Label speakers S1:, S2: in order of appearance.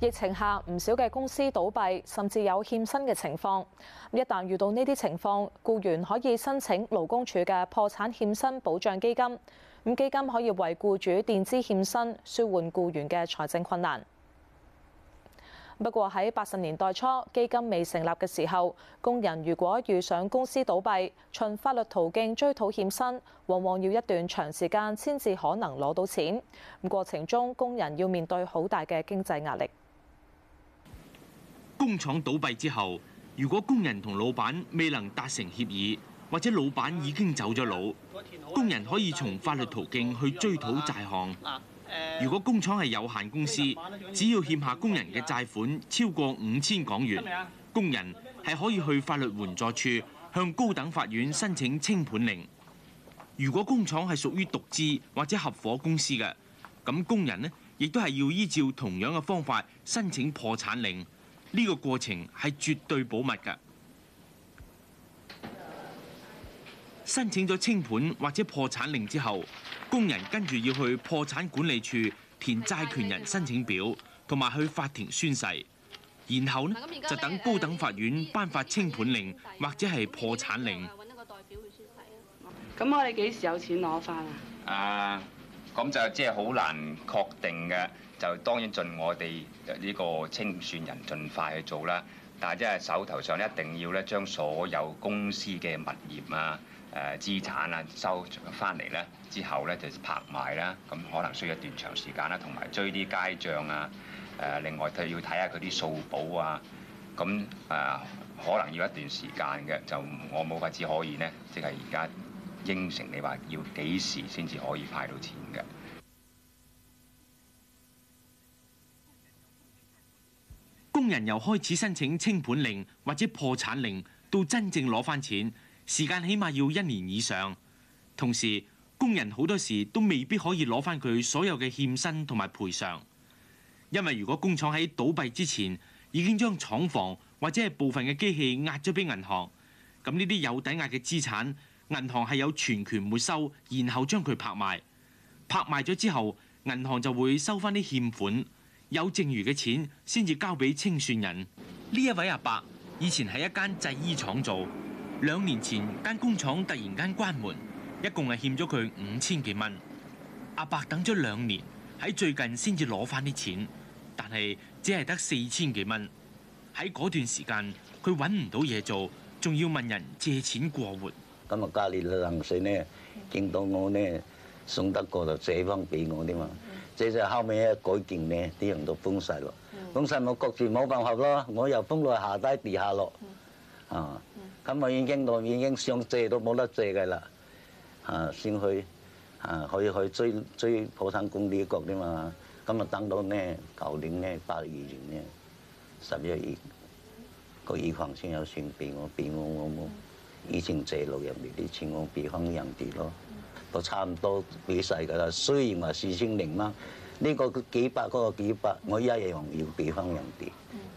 S1: 疫情下唔少嘅公司倒閉，甚至有欠薪嘅情況。一旦遇到呢啲情況，僱員可以申請勞工處嘅破產欠薪保障基金。咁基金可以為僱主墊資欠薪，舒緩僱員嘅財政困難。不過喺八十年代初基金未成立嘅時候，工人如果遇上公司倒閉，循法律途徑追討欠薪，往往要一段長時間先至可能攞到錢，過程中，工人要面對好大嘅經濟壓力。
S2: 工廠倒閉之後，如果工人同老闆未能達成協議，或者老闆已經走咗佬，工人可以從法律途徑去追討債項。
S3: 如果
S2: 工廠係有限公司，只要欠下工人嘅債款超過五千港元，工人係可以去法律援助處向高等法院申請清盤令。如果工廠係屬於獨資或者合伙公司嘅，咁工人呢亦都係要依照同樣嘅方法申請破產令。呢個過程係絕對保密嘅。申請咗清盤或者破產令之後，工人跟住要去破產管理處填債權人申請表，同埋去法庭宣誓，然後呢，就等高等法院頒發清盤令或者係破產令，
S1: 嗯。咁我哋幾時有錢攞返
S4: 啊？啊，咁就即係好難確定嘅。就當然盡我哋呢個清算人盡快去做啦，但係即係手頭上一定要咧將所有公司嘅物業啊、誒資產啊收翻嚟咧，之後咧就拍賣啦。咁可能需要一段長時間啦，同埋追啲街賬啊、誒、啊、另外佢要睇下佢啲數簿啊。咁啊，可能要一段時間嘅，就我冇法子可以咧，即係而家應承你話要幾時先至可以派到錢嘅。
S2: 工人又開始申請清盤令或者破產令，到真正攞翻錢，時間起碼要一年以上。同時，工人好多時都未必可以攞翻佢所有嘅欠薪同埋賠償，因為如果工廠喺倒閉之前已經將廠房或者係部分嘅機器押咗俾銀行，咁呢啲有抵押嘅資產，銀行係有全權沒收，然後將佢拍賣。拍賣咗之後，銀行就會收翻啲欠款。有剩餘嘅錢先至交俾清算人。呢一位阿伯以前喺一間製衣廠做，兩年前間工廠突然間關門，一共係欠咗佢五千幾蚊。阿伯等咗兩年，喺最近先至攞翻啲錢，但係只係得四千幾蚊。喺嗰段時間，佢搵唔到嘢做，仲要問人借錢過活。
S3: 咁啊，家年嘅零歲呢，見到我呢，送得過就借翻俾我啲嘛。即就後尾咧改建咧，啲人都封晒咯，封晒咪焗住冇辦法咯，我又封到下低地下咯，啊，咁我已經我已經想借都冇得借嘅啦，啊，先去啊可以去，去追追普通工呢個啲嘛，咁啊今日等到咧舊年咧八二年咧十一月個預房先有錢俾我，俾我我我以前借落入面啲錢我俾翻人哋咯。都差唔多俾曬噶啦，雖然話四千零蚊，呢個幾百嗰個幾百，我一樣要俾翻人哋。嗯